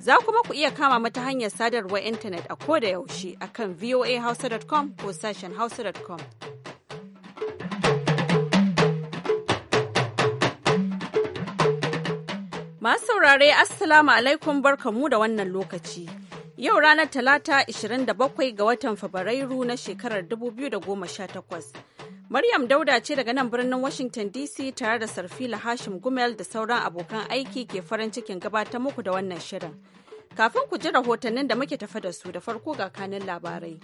Za kuma ku iya kama mata hanyar sadarwar intanet a ko da yaushe a kan voahausa.com ko sashen hausa.com. Masu saurare Assalamu alaikum barkamu da wannan lokaci. Yau ranar Talata 27 ga watan Fabrairu na shekarar 2018. Maryam Dauda ce daga nan birnin Washington DC tare da Sarfila Hashim Gumel da sauran abokan aiki ke farin cikin gabatar muku da wannan shirin. Kafin ku ji rahotannin da muke tafa da su da farko ga kanin labarai.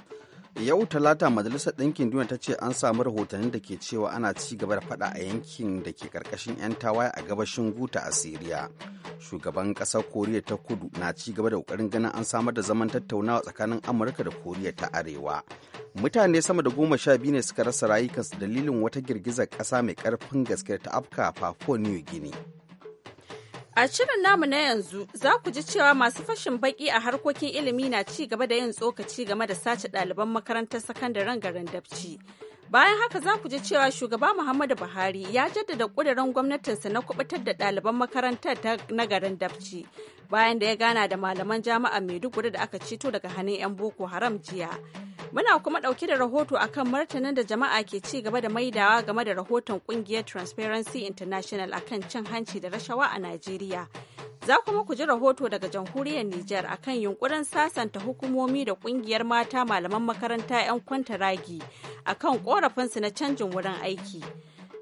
yau talata majalisar ɗinkin duniya ta ce an samu rahotannin da ke cewa ana ci gaba da faɗa a yankin da ke karkashin 'yan tawaye a gabashin guta a siriya shugaban ƙasar koriya ta kudu na ci gaba da ƙoƙarin ganin an samar da zaman tattaunawa tsakanin amurka da koriya ta arewa mutane sama da goma sha biyu ne suka rasa rayukansu dalilin wata girgizar ƙasa mai ƙarfin gaske ta afka papua new guinea A shirin namu na yanzu za ku ji cewa masu fashin baki a harkokin ilimi na ci gaba da yin tsokaci game da sace ɗaliban makarantar sakandaren garin Dabci. Bayan haka za ku ji cewa shugaba Muhammadu Buhari ya jaddada ƙudurin gwamnatinsa na kubutar da ɗaliban makarantar na garin Dabci bayan da ya gana da malaman jami'a Maiduguri da aka cito daga hannun 'yan Boko Haram jiya. Muna kuma ɗauke da rahoto akan martanin da jama'a ke ci gaba da maidawa game da rahoton ƙungiyar Transparency International akan cin hanci da rashawa a Najeriya. Za kuma ku ji rahoto daga jamhuriyar Nijar akan yunkurin sasanta hukumomi da kungiyar mata malaman makaranta 'yan kwanta ragi akan korafinsu na canjin wurin aiki.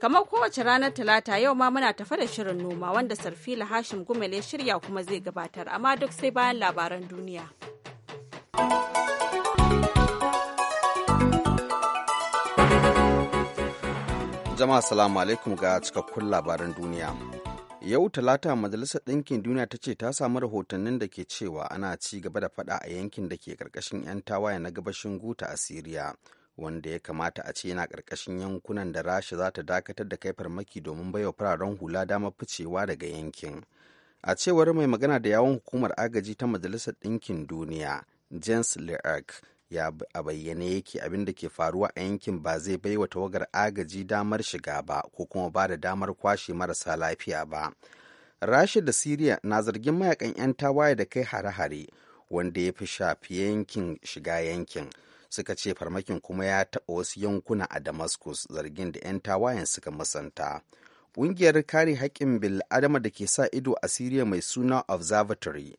Kamar kowace ranar Talata yau ma muna tafa da shirin noma wanda Sarfila Hashim Gumele shirya kuma zai gabatar amma duk sai bayan labaran duniya. Jama'a salamu alaikum ga cikakkun labaran duniya. yau talata majalisar ɗinkin duniya ta ce ta samu rahotannin da ke cewa ana ci gaba da faɗa a yankin da ke ƙarƙashin 'yan tawaye na gabashin guta a siriya wanda ya kamata a ce yana ƙarƙashin yankunan da rasha za ta dakatar da kai farmaki domin baiwa fararen hula dama ficewa daga yankin a cewar mai magana da yawon hukumar agaji ta majalisar ɗinkin duniya james leark ya a bayyane yake abin da ke faruwa a yankin ba zai bai wa tawagar agaji damar shiga ba ko kuma ba da damar kwashe marasa lafiya ba rashi da siriya na zargin mayakan 'yan tawaye da kai hare-hare wanda ya fi shafi yankin shiga yankin suka ce farmakin kuma ya taɓa wasu yankuna a damascus zargin da 'yan tawayen suka musanta ƙungiyar kare haƙƙin bil'adama da ke sa ido a siriya mai suna observatory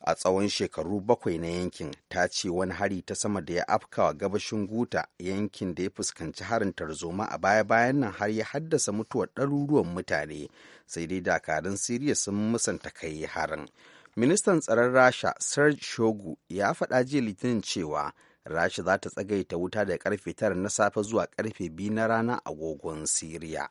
a tsawon shekaru bakwai na yankin ta ce wani hari ta sama da ya afka wa gabashin guta yankin da ya fuskanci harin tarzoma a baya-bayan nan har ya haddasa mutuwar ɗaruruwan mutane sai dai dakarun siriya sun musanta kai harin ministan tsaron rasha serge shogu ya faɗa jiya litinin cewa rasha za ta tsagaita wuta da karfe tara na safe zuwa karfe biyu na rana a agogon siriya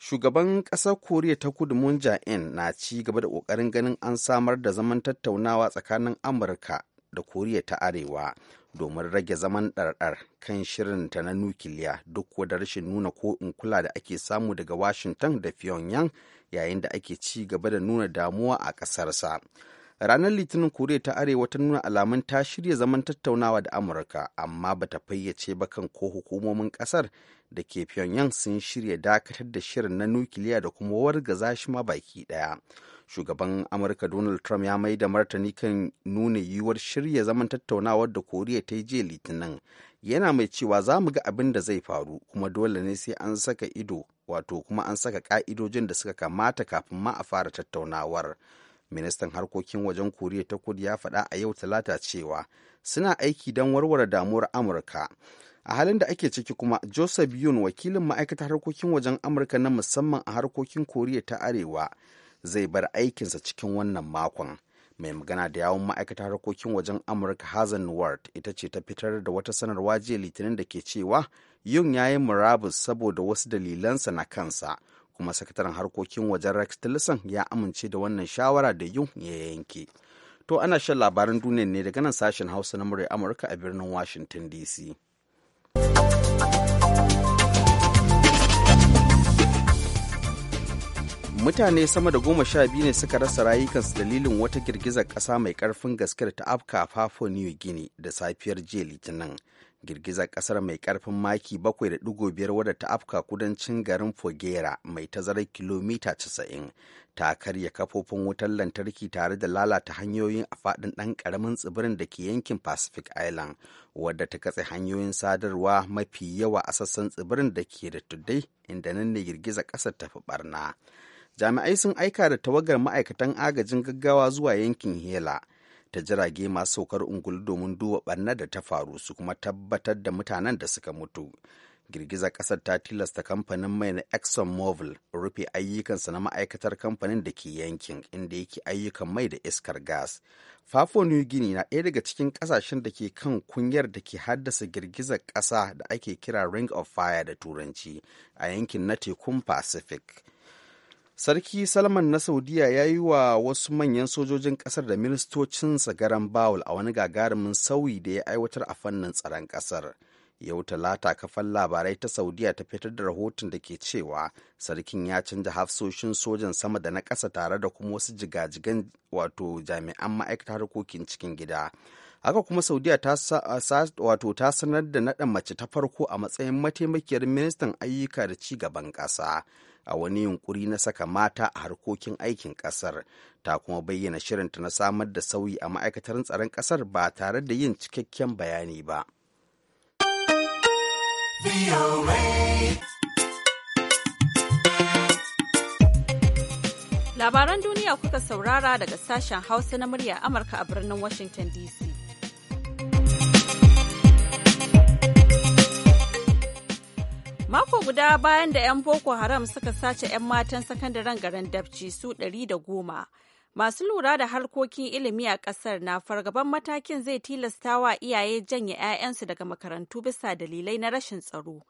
shugaban ƙasar koriya ta kudu moon jae-in na ci gaba da ƙoƙarin ganin an samar da zaman tattaunawa tsakanin amurka da koriya ta arewa domin rage zaman ɗarɗar kan shirin ta na nukiliya duk da rashin nuna ko in kula da ake samu daga washington da pyongyang yayin da ake ci gaba da nuna damuwa a ƙasarsa. ranar litinin koriya ta arewa ta nuna alamun ta shirya zaman tattaunawa da amurka amma bata fayyace ba kan ko hukumomin kasar da ke pyongyang sun shirya dakatar da shirin na nukiliya da kuma wargaza shi ma baki daya shugaban amurka donald trump ya mai da martani kan nuna yiwuwar shirya zaman tattaunawar da koriya ta yi jiya litinin yana mai cewa za mu ga abin da zai faru kuma dole ne sai an saka ido wato kuma an saka ka'idojin da suka kamata kafin ma a fara tattaunawar ministan harkokin wajen koriya ta kudu ya faɗa a yau talata cewa suna aiki don warware damuwar amurka a halin da ake ciki kuma joseph yun wakilin ma'aikatar harkokin wajen amurka na musamman a harkokin koriya ta arewa zai bar aikinsa cikin wannan makon mai magana da yawon ma'aikatar harkokin wajen amurka hazen ward ita ce ta fitar da wata sanarwa jiya litinin da ke cewa yun ya yi murabus saboda wasu dalilansa na kansa kuma sakataren harkokin wajen rex tillerson ya amince da wannan shawara da yun ya yanke to ana shan labaran duniya ne daga nan sashen hausa na murai amurka a birnin washington dc mutane sama da goma sha biyu ne suka rasa rayukansu dalilin wata girgizar ƙasa mai karfin gaske da ta afka a papua new guinea da safiyar jiya litinin girgizar kasar mai karfin maki 7.5 wadda ta afka kudancin garin fogera mai tazarar kilomita 90 ta karya kafofin wutar lantarki tare da lalata hanyoyin a faɗin ɗan ƙaramin tsibirin da ke yankin pacific island wadda ta katse hanyoyin sadarwa mafi yawa a sassan tsibirin da ke da tuddai inda nan ne girgizar ƙasar ta fi barna jami'ai sun aika da tawagar ma'aikatan agajin gaggawa zuwa yankin hela ta jirage masu saukar ungulu domin duba ɓannar da ta faru su kuma tabbatar da mutanen da suka mutu girgizar ƙasar ta tilasta kamfanin mai na exxon mobil rufe ayyukansa na ma'aikatar kamfanin da ke yankin inda yake ayyukan mai da iskar gas fafo new guinea na ɗaya daga cikin ƙasashen da ke kan kunyar da ke haddasa girgizar ƙasa da ake kira ring of fire da turanci a yankin na tekun pacific sarki salman na saudiya ya yi wa wasu manyan sojojin kasar da ministocin garan bawul a wani gagarumin sauyi da ya aiwatar a fannin tsaron kasar yau talata kafan labarai ta saudiya ta fitar da rahoton da ke cewa sarkin ya canja hafsoshin sojan sama da na kasa tare da kuma wasu jigajigan wato jami'an ma'aikata harkokin cikin gida haka kuma saudiya ta wato ta sanar da naɗa mace ta farko a matsayin mataimakiyar ministan ayyuka da ci gaban ƙasa a wani yunkuri na saka mata a harkokin aikin ƙasar ta kuma bayyana shirinta na samar da sauyi a ma'aikatar tsaron ƙasar ba tare da yin cikakken bayani ba. Labaran duniya kuka saurara daga sashen Hausa na murya Amurka a birnin Washington DC. Mako guda bayan da 'yan Boko Haram suka sace 'yan matan sakandaren garin Dabci su ɗari da goma. Masu lura da harkokin ilimi a ƙasar na fargaban matakin zai tilasta wa iyaye janye 'ya'yansu daga makarantu bisa dalilai na rashin tsaro.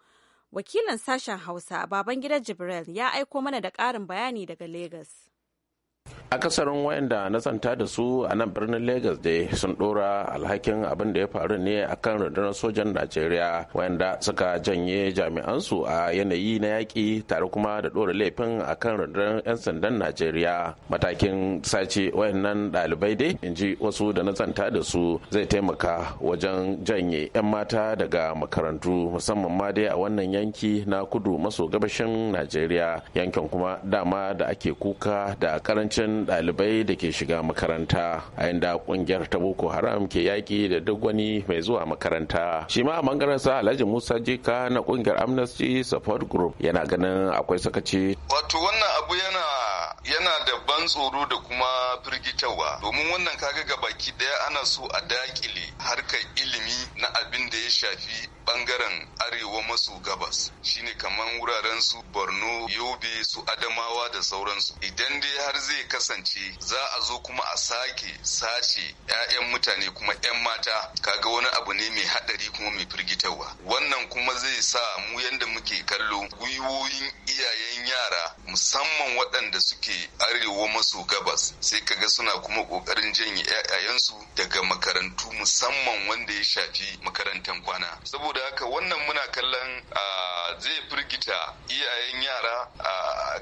Wakilin sashen Hausa, Babangida Jibril, ya aiko mana da ƙarin bayani daga Legas. akasarin wayanda na zanta da su a nan birnin lagos dai sun dora alhakin abin da ya faru ne akan rundunar sojan najeriya wayanda suka janye jami'ansu a yanayi na yaƙi tare kuma da dora laifin akan rundunar 'yan sandan najeriya matakin sace wayannan ɗalibai dai in ji wasu da na zanta da su zai taimaka wajen janye 'yan mata daga makarantu musamman ma dai a wannan yanki na kudu maso gabashin najeriya yankin kuma dama da ake kuka da karanci yawancin ɗalibai da ke shiga makaranta a inda ƙungiyar ta boko haram ke yaƙi da duk wani mai zuwa makaranta shi ma a bangaren sa alhaji musa jika na ƙungiyar amnesty support group yana ganin akwai sakaci wato wannan abu yana yana da ban tsoro da kuma firgitawa, domin wannan kaga ga baki daya ana so a dakile harkar ilimi na abin da ya shafi bangaren arewa maso gabas shine kamar wuraren su borno yobe su adamawa da sauransu idan dai har zai kasance za a zo kuma a sake sace 'ya'yan mutane kuma 'yan mata kaga wani abu ne mai haɗari kuma mai firgitarwa wannan kuma zai sa mu yadda muke kallo gwiwoyin iyayen yara musamman waɗanda suke arewa maso gabas sai kaga suna kuma ƙoƙarin janye 'ya'yayensu daga makarantu musamman wanda ya shafi makarantar kwana saboda saboda haka wannan muna kallon zai firgita iyayen yara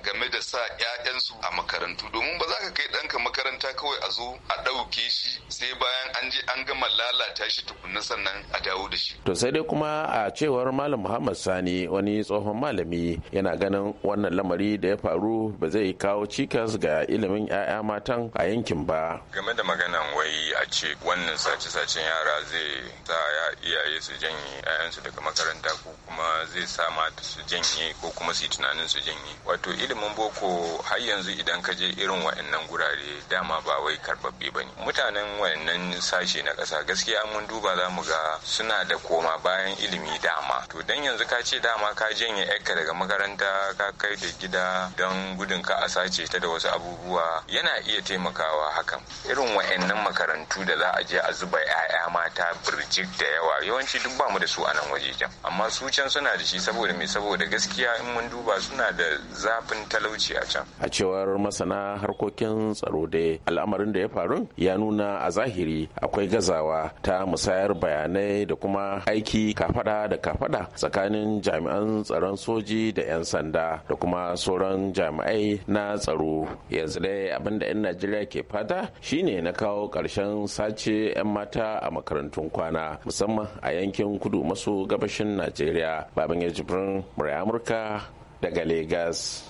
game da sa 'ya'yansu a makarantu domin ba za ka kai ɗanka makaranta kawai a zo a ɗauke shi sai bayan an je an gama lalata shi tukunna sannan a dawo da shi. To sai dai kuma a cewar Malam Muhammad Sani wani tsohon malami yana ganin wannan lamari da ya faru ba zai kawo cikas ga ilimin 'ya'ya matan a yankin ba. Game da maganan wai a ce wannan sace-sacen yara zai sa iyaye su janye kansu daga makaranta ko kuma zai sa mata su janye ko kuma su yi tunanin su janye wato ilimin boko har yanzu idan ka je irin wa'annan gurare dama ba wai karbabbe ba ne mutanen wa'annan sashe na ƙasa gaskiya mun duba za mu ga suna da koma bayan ilimi dama to dan yanzu ka ce dama ka janye yanka daga makaranta ka kai da gida don gudun ka a sace ta da wasu abubuwa yana iya taimakawa hakan irin wa'annan makarantu da za a je a zuba 'ya'ya mata birjik da yawa yawanci duk ba mu da su a nan wajejen amma su can suna da shi saboda mai saboda gaskiya in mun duba suna da zafin talauci a can a cewar masana harkokin tsaro da al'amarin da ya faru ya nuna a zahiri akwai gazawa ta musayar bayanai da kuma aiki kafada da kafada tsakanin jami'an tsaron soji da 'yan sanda da kuma sauran jami'ai na tsaro yanzu dai abin da 'yan najeriya ke fata shine na kawo ƙarshen sace 'yan mata a makarantun kwana musamman a yankin kudu maso gabashin najeriya baban ya jibrin murai amurka daga Legas.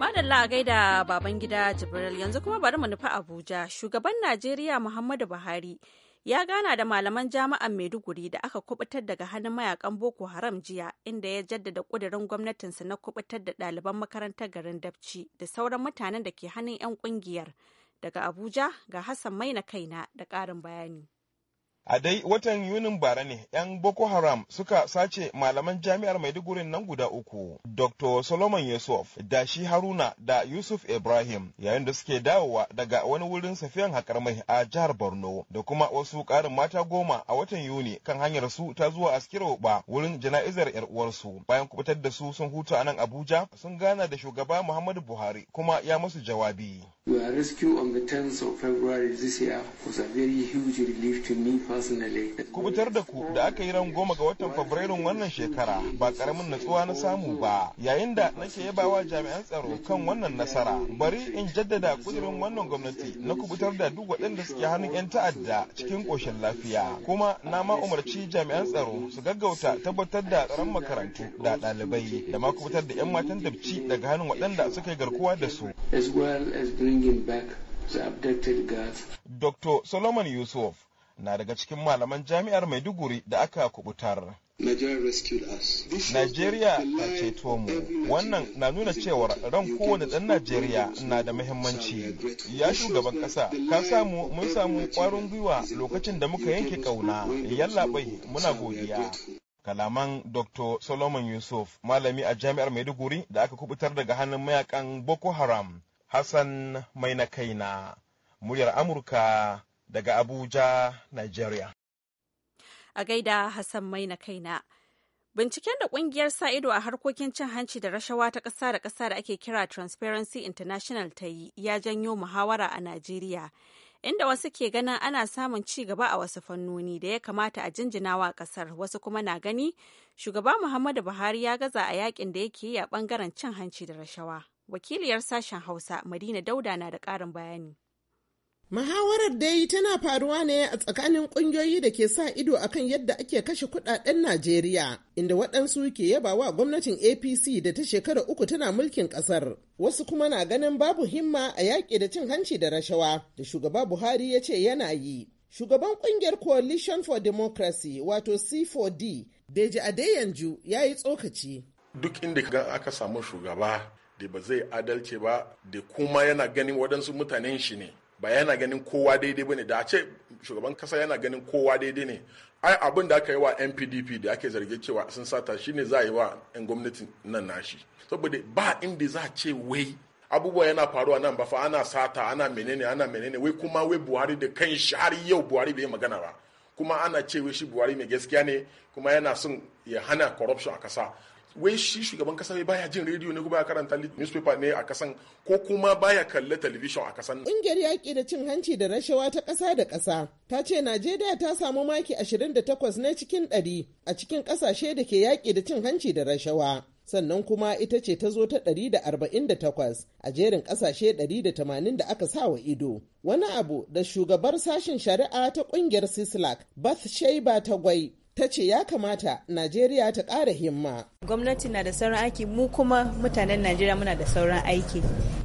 Madalla a gaida baban gida Jibril yanzu kuma bari mu nufi Abuja. Shugaban Najeriya Muhammadu Buhari ya gana da malaman jami'an Maiduguri da aka kubutar daga hannun mayakan Boko Haram jiya inda ya jaddada kudirin gwamnatinsa na kubutar da ɗaliban makarantar garin Dabci da sauran mutanen da ke hannun 'yan kungiyar. Daga Abuja ga Hassan Maina kaina da ƙarin bayani. a dai watan yunin bara ne 'yan boko haram suka sace malaman jami'ar maiduguri nan guda uku dr solomon yusuf da shi haruna da yusuf ibrahim yayin da suke dawowa daga wani wurin safiyan haƙar mai a jihar borno da kuma wasu ƙarin mata goma a watan yuni kan hanyar su ta zuwa askira ba wurin jana'izar yar uwarsu bayan kubutar da su sun huta a nan abuja sun gana da shugaba muhammadu buhari kuma ya musu jawabi We are rescued on the 10th of February this year was a very huge relief to me Kubutar da ku da aka yi ran goma ga watan Fabrairun wannan shekara ba karamin natsuwa na samu ba yayin da nake yabawa jami'an tsaro kan wannan nasara. Bari in jaddada kudirin wannan gwamnati na kubutar da duk waɗanda suke hannun 'yan ta'adda cikin ƙoshin lafiya. Kuma na ma umarci jami'an tsaro su gaggauta tabbatar da tsaron makarantu da ɗalibai da ma kubutar da 'yan matan dabci daga hannun waɗanda suka yi garkuwa da su. Dr. Solomon Yusuf na daga cikin malaman jami'ar Maiduguri da aka kubutar. Najeriya ta ceto mu. Wannan na nuna cewar ran kowane ɗan Najeriya na da muhimmanci. Ya shugaban ƙasa, ka samu mun samu ƙwarin gwiwa lokacin da muka yanke ƙauna. Yallaɓai muna godiya. Kalaman Dr. Solomon Yusuf, malami a jami'ar Maiduguri da aka kubutar daga hannun mayakan Boko Haram, Hassan Maina Kaina, muryar Amurka daga Abuja, Nigeria. A gaida Hassan mai na kaina. Binciken da kungiyar sa ido a harkokin cin hanci da rashawa ta ƙasa da ƙasa da ake kira Transparency International ta yi ya janyo muhawara a Najeriya, inda wasu ke ganin ana samun ci gaba a wasu fannoni da ya kamata a jinjinawa ƙasar, wasu kuma na gani shugaba Muhammadu Buhari ya gaza a yakin da yake yi a ɓangaren cin hanci da rashawa. Wakiliyar sashen Hausa Madina Dauda na da ƙarin bayani. Muhawarar dai tana faruwa ne a tsakanin ƙungiyoyi da ke sa ido a kan yadda ake kashe kudaden Najeriya, inda waɗansu ke yaba wa gwamnatin APC da ta shekara uku tana mulkin ƙasar. Wasu kuma na ganin babu himma a yaƙi da cin hanci da rashawa da shugaba Buhari ya ce yana yi. Shugaban ƙungiyar Coalition for Democracy wato C4D, Deji Adeyanju ya yi tsokaci. Duk inda aka samu shugaba da ba zai adalci ba da kuma yana ganin waɗansu mutanen shi ne. ba yana ganin kowa daidai ne da a ce shugaban kasa yana ganin kowa daidai ne ai abin da aka yi wa NPDP da ake zarge cewa sun sata shi ne za a yi wa yan gwamnatin nan nashi saboda ba inda za a ce wai abubuwa yana faruwa nan ba fa ana sata ana menene ana menene wai kuma wai Buhari da kan shi har yau Buhari bai magana ba kuma ana ce wai shi Buhari mai gaskiya ne kuma yana son ya hana corruption a kasa wai shi shugaban kasa ne baya jin rediyo ne ko baya karanta newspaper ne a kasan ko kuma baya kalle television a kasan. Ƙungiyar yaƙi da cin hanci da rashawa ta ƙasa da ƙasa ta ce Najeriya ta samu maki 28 na cikin 100 a cikin ƙasashe da ke yaƙi da cin hanci da rashawa. sannan kuma ita ce ta zo ta 148 a jerin kasashe 180 da aka sa wa ido. Wani abu da shugabar sashen shari'a ta ƙungiyar Sislak, Bath Shaiba ta gwai ta ce ya kamata Najeriya ta ƙara himma. Gwamnati na da sauran aiki mu kuma mutanen Najeriya muna da sauran aiki.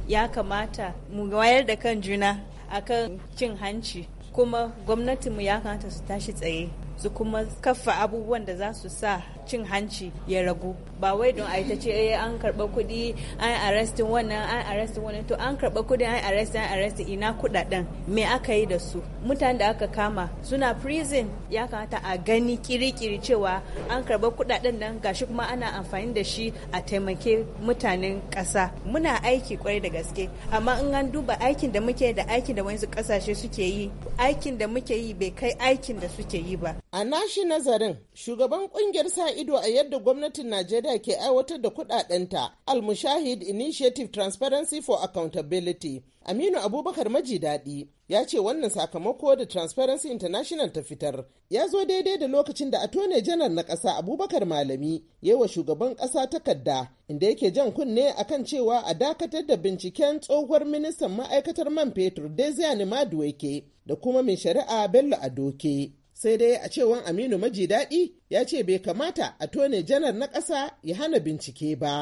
Ya kamata mu wayar da kan juna akan cin hanci kuma gwamnatinmu ya kamata su tashi tsaye su kuma kafa abubuwan da za su sa cin hanci ya ragu ba wai don a ta ce eh an karba kuɗi an arrestin wannan an arrestin wannan to an karba kuɗi an arrestin an arrestin ina kuɗaɗen me aka yi da su mutanen da aka kama suna prison ya kamata a gani kirikiri cewa an karba kuɗaɗen nan gashi kuma ana amfani da shi a taimake mutanen ƙasa muna aiki kwarai da gaske amma in an duba aikin da muke da aikin da wasu ƙasashe suke yi aikin da muke yi bai kai aikin da suke yi ba a nashi nazarin shugaban kungiyar sa ido a yadda gwamnatin Najeriya ke aiwatar da kudadenta Al-Mushahid Initiative Transparency for Accountability. Aminu Abubakar maji daɗi ya ce wannan sakamako da Transparency International ta fitar ya zo daidai da lokacin da atone janar na ƙasa Abubakar Malami ya wa shugaban ƙasa takarda inda yake jan kunne akan cewa a dakatar da binciken tsohuwar ministan ma'aikatar man fetur Dezia Nimaduweke da kuma mai shari'a Bello Adoke. sai dai a cewan aminu maji daɗi ya ce bai kamata a tone janar na ƙasa ya hana bincike ba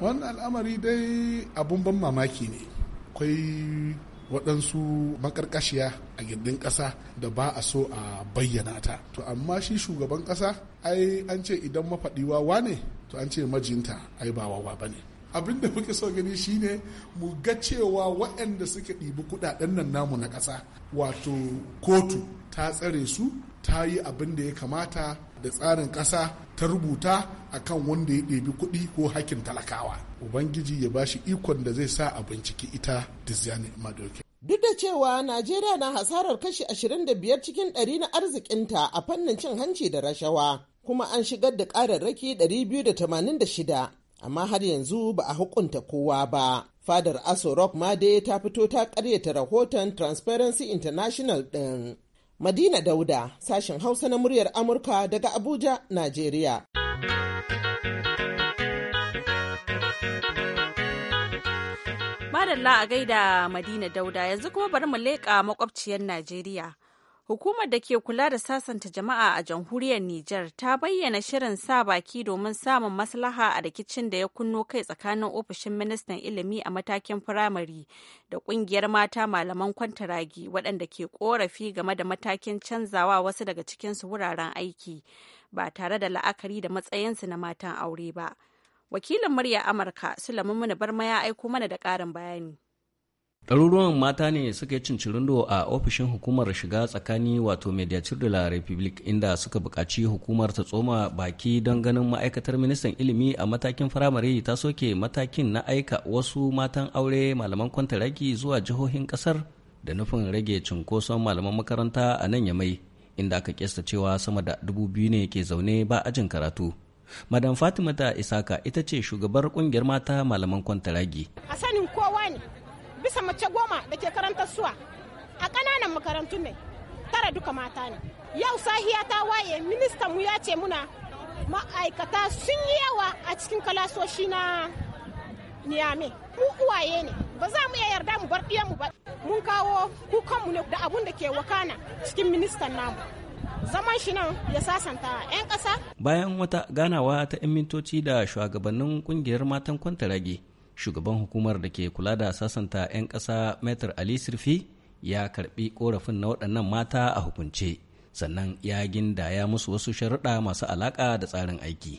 wannan al'amari dai abun ban mamaki ne akwai waɗansu makarkashiya a gindin ƙasa da ba a so a bayyana ta to amma shi shugaban ƙasa ai an ce idan mafaɗiwa ne to an ce majinta ai ba wawa ba ne abin da muke so gani shine mu ga cewa waɗanda suka ɗibi kuɗaɗen nan namu na ƙasa wato kotu ta tsare su ta yi abin da ya kamata da tsarin ƙasa ta rubuta akan wanda ya ɗebi kuɗi ko hakin talakawa ubangiji ya ba shi ikon da zai sa a binciki ita dizyani madoke Duk da cewa Najeriya na hasarar kashi biyar cikin ɗari na arzikinta a fannin cin hanci da rashawa, kuma an shigar da ƙararraki ɗari biyu da da tamanin shida. amma har yanzu ba a hukunta kowa ba. Fadar Aso Rock ma dai ta fito ta karyata rahoton Transparency International ɗin. Madina Dauda, sashen Hausa na muryar Amurka daga Abuja, Najeriya. Madalla a gaida Madina Dauda yanzu kuma bari mu leƙa makwabciyar Najeriya. Hukumar da ke kula da sasanta jama'a a jamhuriyar Nijar ta bayyana shirin sa baki domin samun maslaha a rikicin da ya kunno kai tsakanin ofishin ministan ilimi a matakin firamare da kungiyar mata malaman kwantaragi waɗanda ke korafi game da matakin canzawa wasu daga cikinsu wuraren aiki ba tare da la'akari da matsayinsu na matan aure ba. Wakilin murya Amurka Sulaiman Muni Barma ya aiko mana da ƙarin bayani. ɗaruruwan mata ne suka yi cincirindo a ofishin hukumar shiga tsakani wato mediatur de la republic inda suka buƙaci hukumar ta tsoma baki don ganin ma'aikatar ministan ilimi a matakin firamare ta soke matakin na aika wasu matan aure malaman kwantaraki zuwa jihohin ƙasar da nufin rage cunkoson malaman makaranta a nan yamai inda aka kesta cewa sama da dubu biyu ne ke zaune ba ajin karatu madam fatima ta isaka ita ce shugabar kungiyar mata malaman kwantaragi a sanin kowa ne bisa mace goma da ke karanta suwa a ƙananan makarantu ne tara duka mata ne yau sahiya ta waye ministan mu ya ce muna ma'aikata sun yi yawa a cikin kalasoshi na niyame mu uwaye ne ba za mu iya yarda mu bar mu ba mun kawo kukanmu ne da abun da ke wakana cikin ministan namu zaman shi nan ya sasanta 'yan ƙasa bayan wata ganawa ta 'yan mintoci da shugabannin kungiyar matan kwantarage shugaban hukumar da ke kula da sasanta 'yan ƙasa metar ali sirfi ya karbi korafin na waɗannan mata a hukunce sannan ya ginda ya musu wasu sharuɗa masu alaƙa da tsarin aiki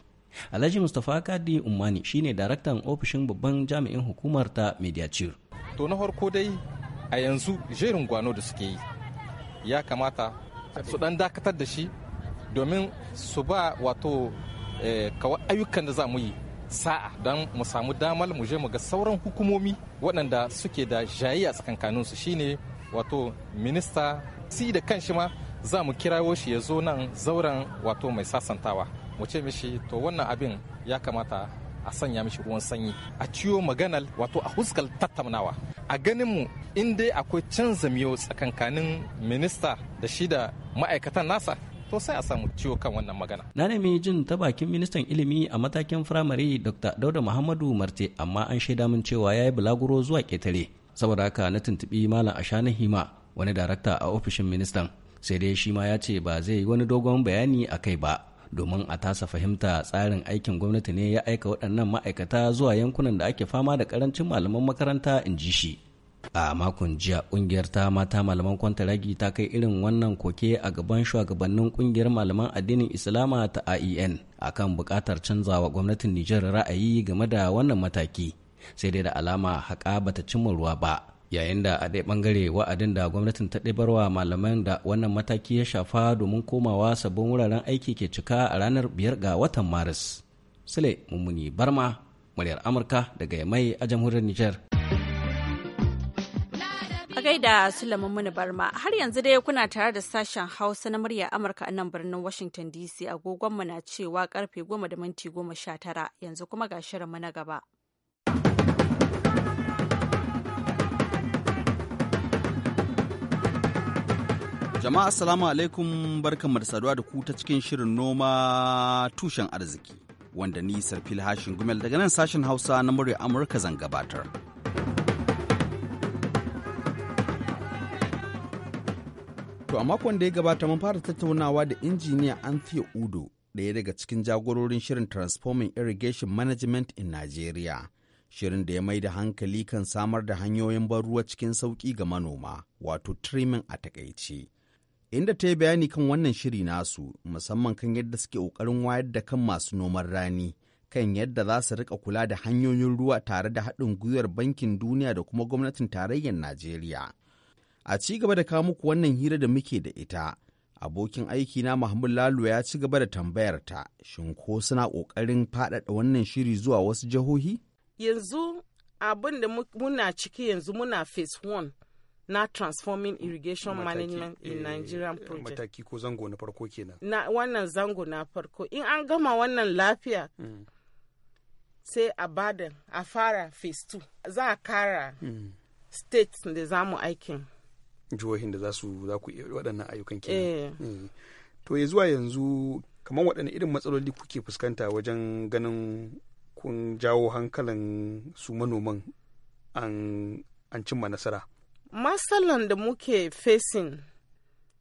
alhaji mustapha kadi umani shine daraktan ofishin babban jami'in hukumar ta mediacir to na farko dai a yanzu jerin gwano da suke yi ya kamata su ɗan dakatar da shi domin su ba wato eh, ayyukan da za mu yi sa'a don mu samu damar mu je mu ga sauran hukumomi waɗanda suke da tsakankanin tsakankaninsu shine wato minista si da kan shi ma za mu kirawo shi ya zo nan zauren wato mai sasantawa mu ce mishi to wannan abin ya kamata a sanya mishi ruwan sanyi a ciwo maganar wato a huskar tattaunawa a ganin mu in dai akwai canza miyo tsakankanin minista da shi da ma'aikatan nasa to sai a samu ciwo kan wannan magana na nemi jin ta bakin ministan ilimi a matakin firamare dr dauda muhammadu marte amma an shaida min cewa ya yi bulaguro zuwa ketare saboda haka na tuntubi malam ashana hima wani darakta a ofishin ministan sai dai shi ma ya ce ba zai yi wani dogon bayani a kai ba domin a tasa fahimta tsarin aikin gwamnati ne ya aika waɗannan ma'aikata zuwa yankunan da ake fama da karancin malaman makaranta in ji shi a makon jiya kungiyar ta mata malaman kwanta kwantaragi ta kai irin wannan koke a gaban shugabannin kungiyar malaman addinin islama ta aen akan bukatar canzawa gwamnatin nijar ra'ayi game da wannan mataki sai dai da alama haƙa bata cimma ruwa ba yayin da a ɗaya ɓangare wa'adin da gwamnatin ta ɗibarwa malaman da wannan mataki ya shafa domin komawa sabbin wuraren aiki ke cika a ranar biyar ga watan maris sule mummuni barma muryar amurka daga mai a jamhuriyar nijar A gaida Sulaiman Muni Barma, har yanzu dai kuna tare da sashen Hausa na murya Amurka a nan birnin Washington DC agogonmu na cewa karfe goma da minti goma sha tara yanzu kuma ga shirinmu na gaba. Jama'a Assalamu alaikum barkanmu da saduwa da ku ta cikin shirin noma tushen arziki wanda ni Sarfil Hashin Gumel daga nan sashen Hausa na murya Amurka zan gabatar. a makon da ya gabata mun fara tattaunawa da injiniya Anthea Udo ɗaya daga cikin jagororin shirin Transforming Irrigation Management in Nigeria. Shirin da ya mai da hankali kan samar da hanyoyin ban ruwa cikin sauki ga manoma, wato trimming a takaice. Inda ta yi bayani kan wannan shiri nasu, musamman kan yadda suke ƙoƙarin wayar da kan masu noman rani, kan yadda za su riƙa kula da hanyoyin ruwa tare da haɗin gwiwar Bankin Duniya da kuma gwamnatin tarayyar Najeriya. A ci gaba da kawo muku wannan hira da muke da ita, abokin aikina Mahmud Lalo ya ci gaba da tambayar ta, shin ko suna ƙoƙarin faɗaɗa wannan shiri zuwa wasu jihohi? Yanzu abin da muna ciki yanzu muna phase one na transforming irrigation mataki, management in eh, Nigerian eh, project. Mataki ko zango na farko kenan. Na wannan zango na farko. In an gama wannan lafiya. Mm. sai a bada a fara phase 2 za a kara mm. states da zamu aikin jihohin da za su za ku waɗannan ayyukan ke eh. eh. to ya zuwa yanzu kamar waɗanne irin matsaloli kuke fuskanta wajen ganin kun jawo hankalin su manoman an cimma nasara matsalan da muke facing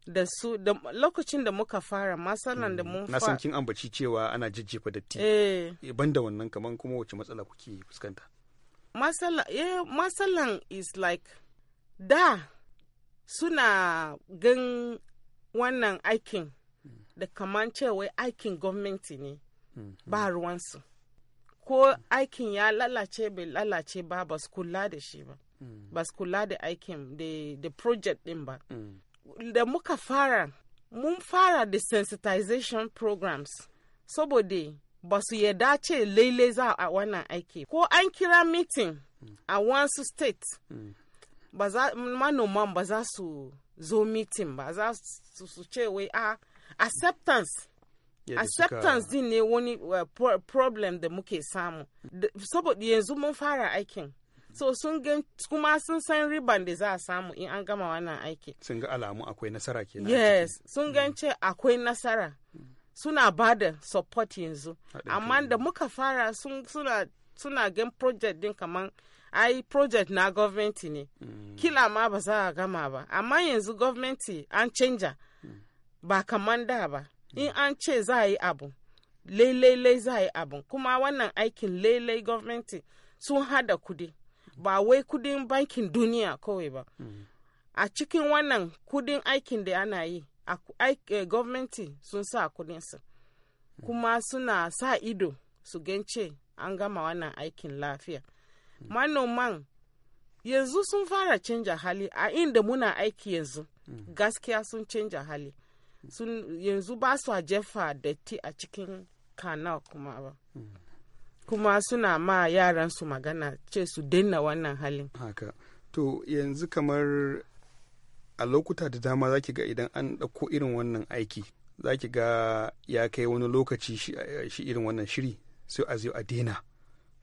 da su da lokacin da muka fara matsalan da mm. mun na san kin ambaci cewa ana jijjefa datti eh, eh da wannan kaman kuma wace matsala kuke fuskanta matsala eh matsalan is like da suna gan wannan aikin da kaman cewa aikin gwamnati ne mhm. ba ruwansu ko aikin ya lalace bai lalace ba ba su kula da shi ba mhm. ba su kula da aikin da project din ba mhm. da muka fara mun fara da sensitization programs saboda ba su yarda ce lailai za a wannan aiki ko an kira meeting a wasu state manoman ba za su zo mitin ba za su ce wai a ah, acceptance Yeah, acceptance din ne wani uh, problem da muke samu saboda yanzu mun fara aikin so sun gan kuma sun san riban da za a samu in an gama wannan aiki sun ga alamu akwai nasara kenan yes sun mm. gan ce akwai nasara suna ba da support yanzu amma da muka fara suna suna gan project din kamar ai project na government ne mm. kila ma ba za a gama ba amma yanzu government an canja mm. ba kaman da ba mm. in an ce za a yi abu lailai za a yi abu kuma wannan aikin lailai government sun hada kudi ba wai kudin bankin duniya kawai ba a cikin wannan kudin aikin da ana yi eh, sun sa kudinsu kuma suna sa ido su gance an gama wannan aikin lafiya. manoman yanzu sun fara canja hali a inda muna aiki yanzu gaskiya sun canja hali sun yanzu ba su jefa datti a cikin kanal kuma ba kuma suna ma yaran su magana ce su daina wannan halin haka to yanzu kamar a lokuta da dama zaki ga idan an ɗauko irin wannan aiki zaki ga ya kai wani lokaci shi irin wannan shiri sai a zai a daina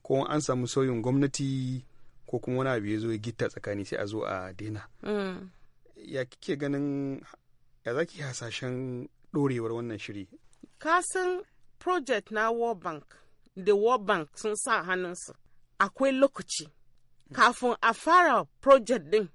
ko an samu sauyin gwamnati ko kuma wani abu ya zo gitta tsakani sai a zo a daina mm. ya kike ganin ya za ki hasashen ɗorewar wannan shiri kasan project na world bank da world bank sun sa hannunsu akwai lokaci kafin a fara project din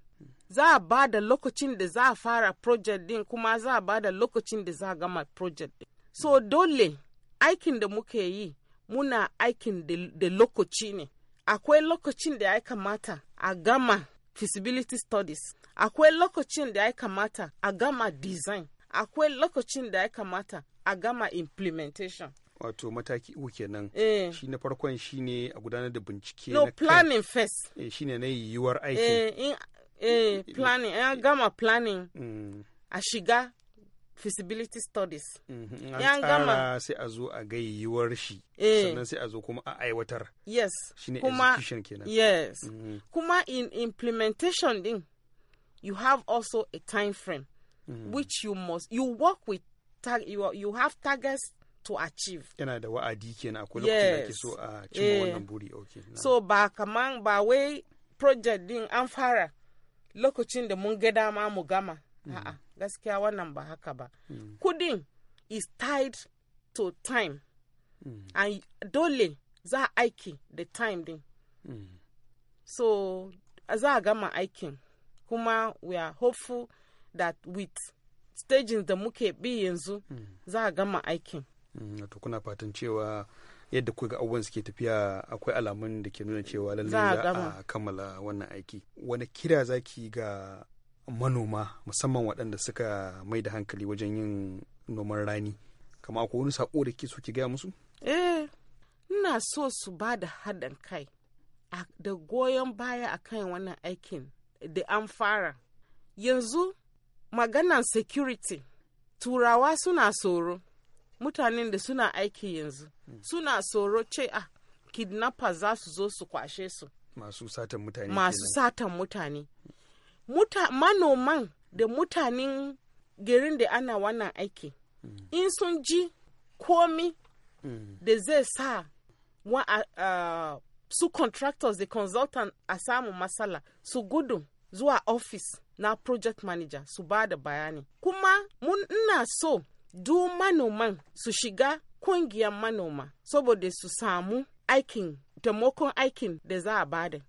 za a ba da lokacin da za a fara project din kuma za a ba da lokacin da za a gama project din so dole aikin da muke yi muna aikin da lokaci ne akwai lokacin da ya kamata a gama feasibility studies akwai lokacin da ya kamata a gama design akwai lokacin da ya kamata a gama implementation wato mataki uku kenan eh. shi na farkon shine a gudanar da bincike no planning first eh, shine na yiwuwar eh, aikin eh, in, eh, eh planning an gama planning mm. a shiga feasibility studies mm-hmm. ya gama sai a zo a ga shi eh. sannan sai a zo kuma a aiwatar yes shine kuma, execution kenan yes mm-hmm. kuma in implementation din you have also a time frame mm-hmm. which you must you work with you, you have targets to achieve yana da wa'adi kenan akwai lokacin da ake so a cimma eh. wannan buri okay so ba kaman ba wai project din an fara lokacin da mun ga dama mu gama Mm. a'a gaskiya wannan ba haka ba mm. kudin is tied to time mm. and dole za aiki da time din so za a gama aikin kuma we are hopeful that with staging da muke bi yanzu za a gama aikin wato kuna fatan cewa yadda kuka abubuwan suke tafiya akwai alamun da ke nuna cewa lallai za a kammala wannan aiki wani kira zaki ga manoma musamman waɗanda suka mai da hankali wajen yin noman rani kama akwai wani saƙo da ke so ki gaya musu eh ina so su ba da haɗin kai da goyon baya a kan wannan aikin da an fara yanzu maganan security turawa suna tsoro mutanen da suna aiki yanzu hmm. suna tsoro ce a ah, kidnappers za su zo su kwashe su masu satan mutane masu satan mutane manoman da mutanen garin da ana wannan aiki mm. in sun ji komi mm. da zai sa su contractors da consultant a samun matsala su gudu zuwa office na project manager su ba da bayani kuma ina so du manoman su shiga kungiyar manoma saboda su samu aikin taimakon aikin da za a bada.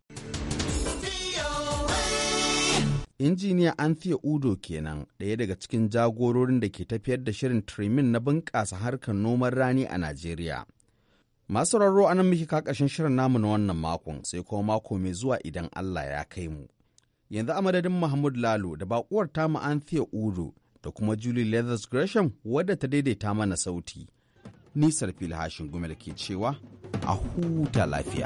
injiniya anthea udo kenan ɗaya daga cikin jagororin da ke tafiyar da shirin trimin na bunƙasa harkar noman rani a najeriya masu raro anan muke kakashin shirin namu na wannan makon sai kuma mako mai zuwa idan allah ya kai mu yanzu a madadin mahmud lalo da bakuwar tamu anthea udo da kuma julie leathers gresham wadda ta daidaita mana sauti nisar filhashin gumel ke cewa a huta lafiya.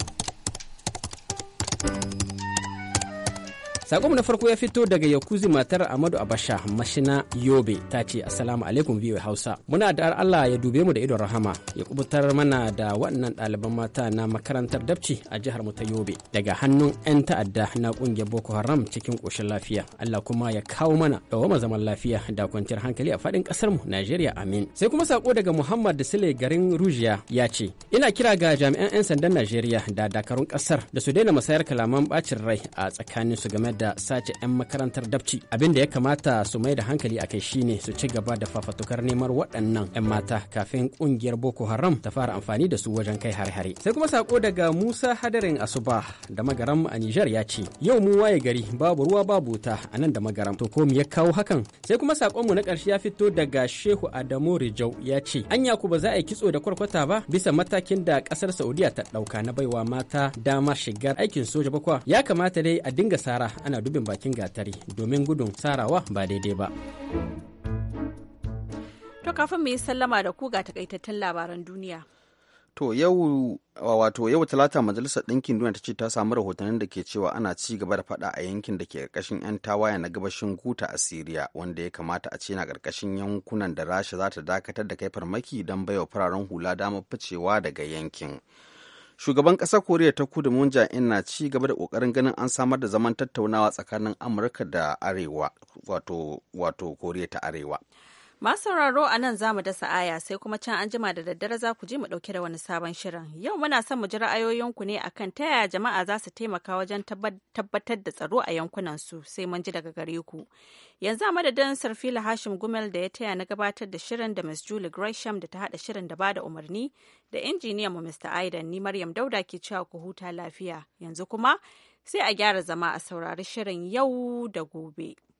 sakon na farko ya fito daga yakuzi matar amadu abasha mashina yobe ta ce assalamu alaikum biyu hausa muna da allah ya dube mu da idon rahama ya kubutar mana da wannan ɗaliban mata na makarantar dabci a jihar mu ta yobe daga hannun 'yan ta'adda na ƙungiyar boko haram cikin ƙoshin lafiya allah kuma ya kawo mana dawama zaman lafiya da kwanciyar hankali a faɗin ƙasar mu najeriya amin sai kuma sako daga muhammad da sule garin rujiya ya ce ina kira ga jami'an 'yan sandan najeriya da dakarun ƙasar da su daina masayar kalaman bacin rai a tsakaninsu game da da sace 'yan makarantar dabci abin da ya kamata su mai da hankali a kai shine su ci gaba da fafatukar neman waɗannan 'yan mata kafin ƙungiyar boko haram ta fara amfani da su wajen kai hare-hare sai kuma sako daga musa hadarin asuba da magaram a nijar ya ce yau mu waye gari babu ruwa babu wuta a nan da magaram to ko ya kawo hakan sai kuma sakon mu na ƙarshe ya fito daga shehu adamu rijau ya ce anya ku ba za a yi kitso da kwarkwata ba bisa matakin da ƙasar saudiya ta ɗauka na baiwa mata damar shigar aikin soja bakwa ya kamata dai a dinga sara ana dubin bakin gatari domin gudun sarawa ba daidai ba. To kafin mu yi sallama da ku ga takaitattun labaran duniya. To yau wato yau talata majalisar ɗinkin duniya ta ce ta samu rahotannin da ke cewa ana ci gaba da faɗa a yankin da ke ƙarƙashin 'yan tawaye na gabashin guta a Siriya wanda ya kamata a ce na karkashin yankunan da Rasha za ta dakatar da kai farmaki don baiwa fararen hula damar ficewa daga yankin. shugaban ƙasar koriya ta kudu moon jae-in na ci gaba da ƙoƙarin ganin an samar da zaman tattaunawa tsakanin amurka da arewa wato, wato koriya ta arewa Masu sauraro a nan za mu dasa aya sai kuma can an jima da daddare za ku ji mu dauke da wani sabon shirin. Yau muna son mu ji ra'ayoyinku ne akan ta yaya jama'a za su taimaka wajen tabbatar da tsaro a yankunan su sai mun ji daga gare ku. Yanzu a madadin Sarfila Hashim Gumel da ya taya na gabatar da shirin da Miss Julie Gresham da ta haɗa shirin da bada umarni da injiniyan mu Mr. Aidan ni Maryam Dauda ke cewa ku huta lafiya. Yanzu kuma sai a gyara zama a saurari shirin yau da gobe.